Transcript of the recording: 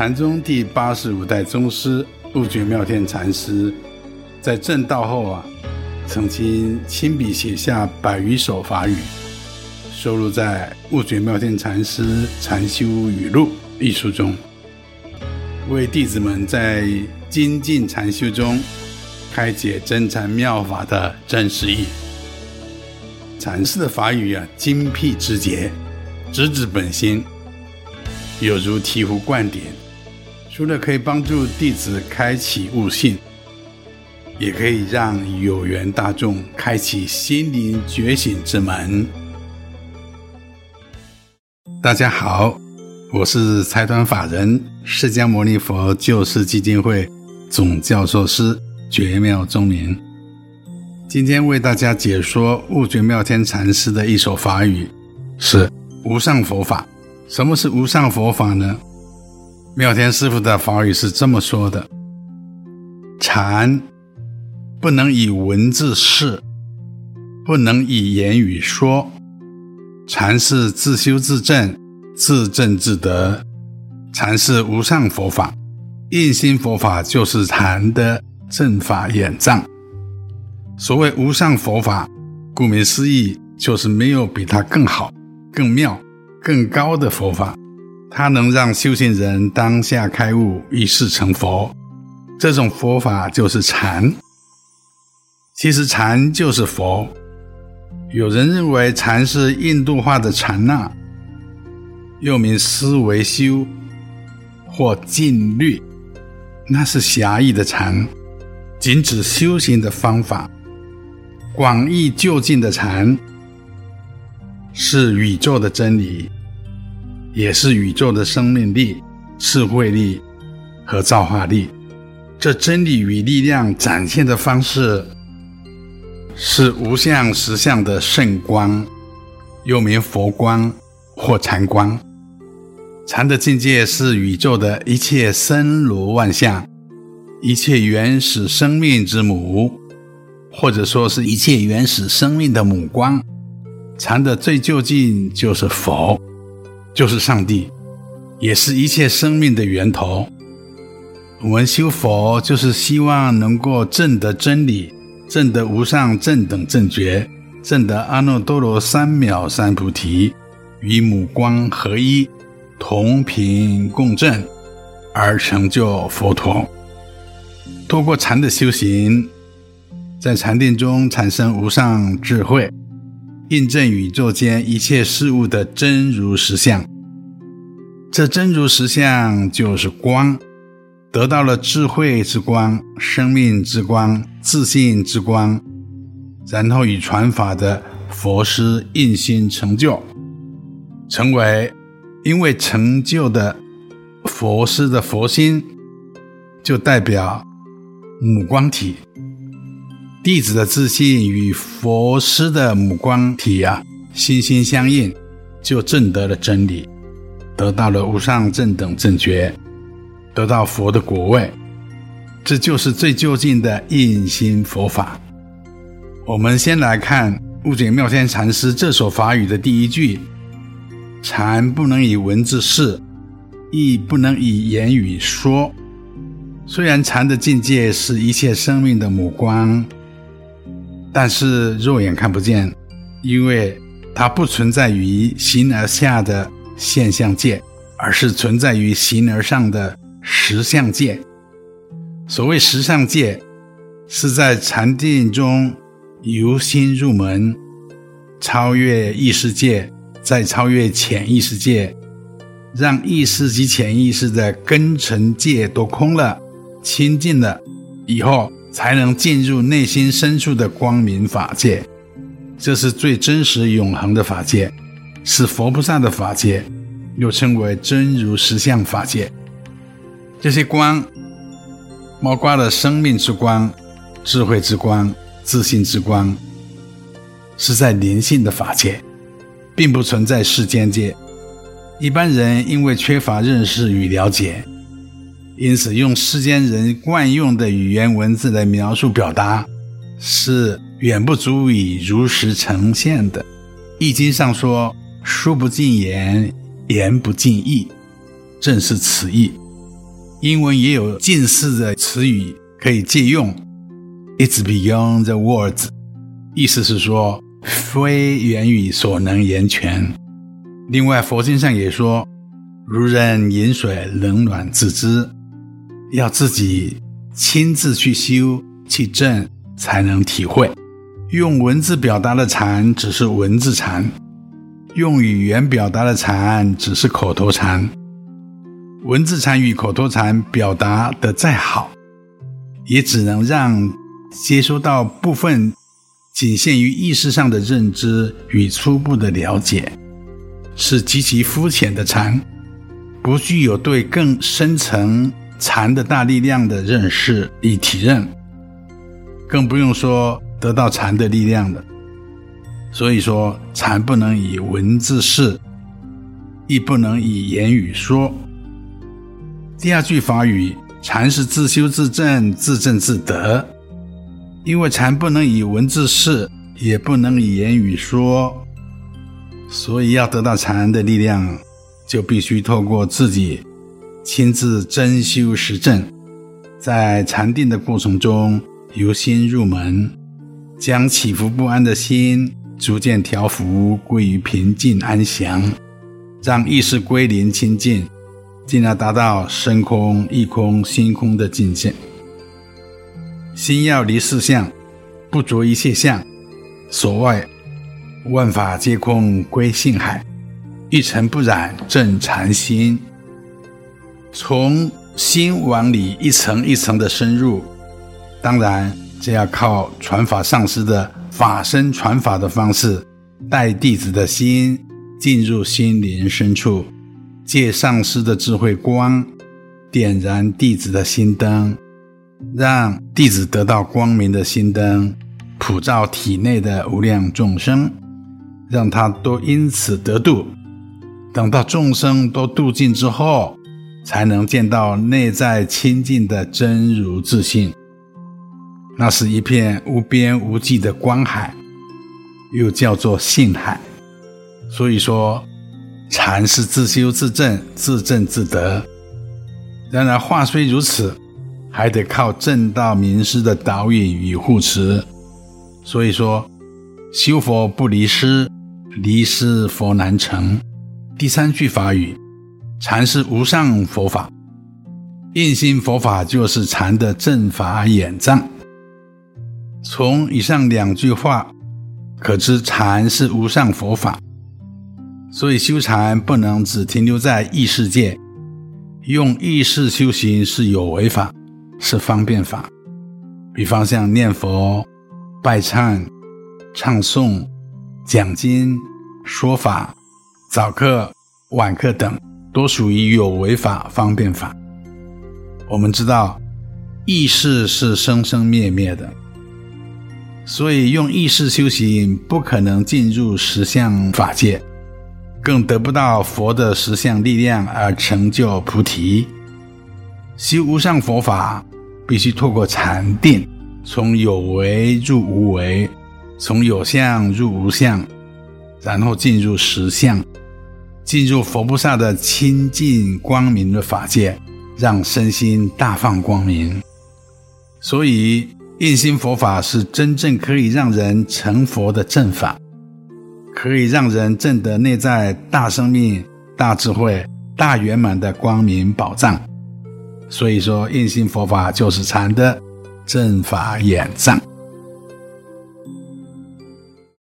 禪宗第八十五代宗師悟覺妙天禪師，在證道後啊，曾經親筆寫下百餘首法語，收錄在《悟覺妙天禪師禪修語錄》一書中，為弟子們在精進禪修中開解真禪妙法的真實義。禪師的法語啊，精闢直捷，直指本心，有如醍醐灌頂。除了可以幫助弟子開啟悟性，也可以讓有緣大眾開啟心靈覺醒之門。大家好，我是財團法人釋迦牟尼佛救世基金會總教授師，覺妙宗明，今天為大家解說悟覺妙天禪師的一首法語，是無上佛法。什麼是無上佛法呢？妙天師父的法語是這麼說的：禪不能以文字釋，不能以言語說，禪是自修自證、自證自得，禪是無上佛法，印心佛法就是禪的正法眼藏。所謂無上佛法，顧名思義，就是沒有比它更好、更妙、更高的佛法。它能讓修行人當下開悟，一世成佛。這種佛法就是禪。其實禪就是佛。有人認為禪是印度化的禪那，又名思維修或靜慮，那是狹義的禪，僅指修行的方法。廣義究竟的禪，是宇宙的真理。也是宇宙的生命力、智慧力和造化力。這真理與力量展現的方式是無相實相的聖光，又名佛光或禪光。禪的境界是宇宙的一切森羅萬象，一切原始生命之母，或者說是一切原始生命的母光。禪的最究竟就是佛。就是上帝，也是一切生命的源頭。我們修佛，就是希望能夠證得真理，證得無上正等正覺，證得阿耨多羅三藐三菩提，與母光合一，同頻共振，而成就佛陀。透過禪的修行，在禪定中產生無上智慧。印證宇宙間一切事物的真如實相，這真如實相就是光，得到了智慧之光、生命之光、自信之光，然後與傳法的佛師印心成就，成為因為成就的佛師的佛心，就代表母光體。弟子的自信與佛師的母光體啊，心心相印，就證得了真理，得到了無上正等正覺，得到佛的果位，這就是最究竟的印心佛法。我們先來看悟覺妙天禪師這首法語的第一句：“禪不能以文字示，亦不能以言語說。”雖然禪的境界是一切生命的母光。但是肉眼看不見，因為它不存在於形而下的現象界，而是存在於形而上的實相界。所謂實相界，是在禪定中由心入門，超越意識界，再超越潛意識界，讓意識及潛意識的根塵界都空了、清淨了以後。才能進入內心深處的光明法界，這是最真實永恆的法界，是佛菩薩的法界，又稱為真如實相法界。這些光包括了生命之光、智慧之光、自信之光，是在靈性的法界，並不存在世間界。一般人因為缺乏認識與了解，因此，用世間人慣用的語言文字來描述表達，是遠不足以如實呈現的。《易經》上說“書不盡言，言不盡意”，正是此意。英文也有近似的詞語可以借用，“It's beyond the words”，意思是說非言語所能言全。另外，佛經上也說：“如人飲水，冷暖自知。”要自己親自去修，去證，才能體會。用文字表達的禪，只是文字禪；用語言表達的禪，只是口頭禪。文字禪與口頭禪表達得再好，也只能讓接收到部分，僅限於意識上的認知與初步的了解，是極其膚淺的禪，不具有對更深層。禪的大力量的認識與體認，更不用說得到禪的力量了。所以說，禪不能以文字釋，亦不能以言語說。第二句法語，禪是自修自證，自證自得，因為禪不能以文字釋，也不能以言語說，所以要得到禪的力量，就必須透過自己。親自真修實證，在禪定的過程中，由心入門，將起伏不安的心逐漸調伏，歸於平靜安詳，讓意識歸零清淨，進而達到身空、意空、心空的境界。心要離四相，不着一切相，所謂萬法皆空，歸性海，一塵不染，正禪心。從心往裡一層一層的深入，當然這要靠傳法上師的法身傳法的方式，帶弟子的心進入心靈深處，借上師的智慧光，點燃弟子的心燈，讓弟子得到光明的心燈，普照體內的無量眾生，讓他都因此得度，等到眾生都度盡之後。才能見到內在清淨的真如自性，那是一片無邊無際的觀海，又叫做性海。所以說，禪是自修自證自證自得。當然而話雖如此，還得靠正道名師的導引與護持。所以說，修佛不離師，離師佛難成。第三句法語。禪是無上佛法，印心佛法就是禪的正法眼藏。從以上兩句話可知，禪是無上佛法，所以修禪不能只停留在意識界，用意識修行是有為法，是方便法。比方像念佛、拜懺、唱誦、講經、說法、早課、晚課等。都屬於有為法、方便法。我們知道，意識是生生滅滅的，所以用意識修行不可能進入實相法界，更得不到佛的實相力量而成就菩提。修無上佛法，必須透過禪定，從有為入無為，從有相入無相，然後進入實相。進入佛菩薩的清淨光明的法界，讓身心大放光明。所以，印心佛法是真正可以讓人成佛的正法，可以讓人證得內在大生命、大智慧、大圓滿的光明寶藏。所以說，印心佛法就是禪的正法眼藏。